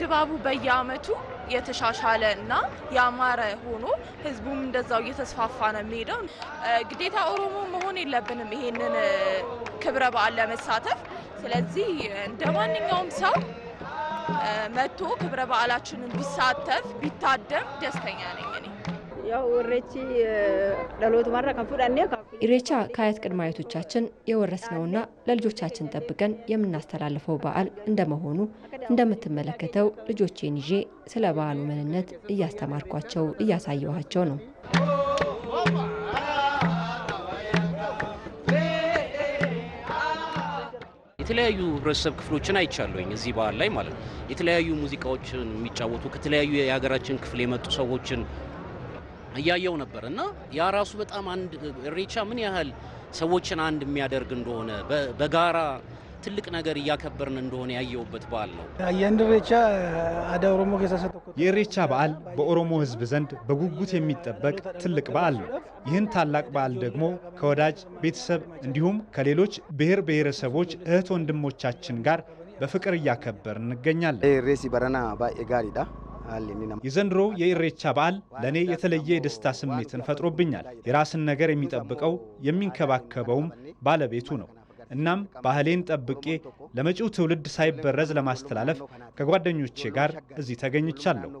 ድባቡ በየአመቱ የተሻሻለ እና ያማረ ሆኖ ህዝቡም እንደዛው እየተስፋፋ ነው የሚሄደው። ግዴታ ኦሮሞ መሆን የለብንም ይሄንን ክብረ በዓል ለመሳተፍ። ስለዚህ እንደ ማንኛውም ሰው መጥቶ ክብረ በዓላችንን ቢሳተፍ ቢታደም ደስተኛ ነኝ እኔ። ኢሬቻ ከአያት ቅድመ አያቶቻችን የወረስነውና ለልጆቻችን ጠብቀን የምናስተላልፈው በዓል እንደመሆኑ እንደምትመለከተው ልጆቼን ይዤ ስለ በዓሉ ምንነት እያስተማርኳቸው እያሳየኋቸው ነው። የተለያዩ ህብረተሰብ ክፍሎችን አይቻለኝ እዚህ በዓል ላይ ማለት ነው። የተለያዩ ሙዚቃዎችን የሚጫወቱ ከተለያዩ የሀገራችን ክፍል የመጡ ሰዎችን እያየው ነበር እና ያ ራሱ በጣም አንድ ሬቻ ምን ያህል ሰዎችን አንድ የሚያደርግ እንደሆነ በጋራ ትልቅ ነገር እያከበርን እንደሆነ ያየውበት በዓል ነው። የኢሬቻ በዓል በኦሮሞ ሕዝብ ዘንድ በጉጉት የሚጠበቅ ትልቅ በዓል ነው። ይህን ታላቅ በዓል ደግሞ ከወዳጅ ቤተሰብ፣ እንዲሁም ከሌሎች ብሔር ብሔረሰቦች እህት ወንድሞቻችን ጋር በፍቅር እያከበር እንገኛለን። የዘንድሮ የኢሬቻ በዓል ለእኔ የተለየ የደስታ ስሜትን ፈጥሮብኛል። የራስን ነገር የሚጠብቀው የሚንከባከበውም ባለቤቱ ነው። እናም ባህሌን ጠብቄ ለመጪው ትውልድ ሳይበረዝ ለማስተላለፍ ከጓደኞቼ ጋር እዚህ ተገኝቻለሁ።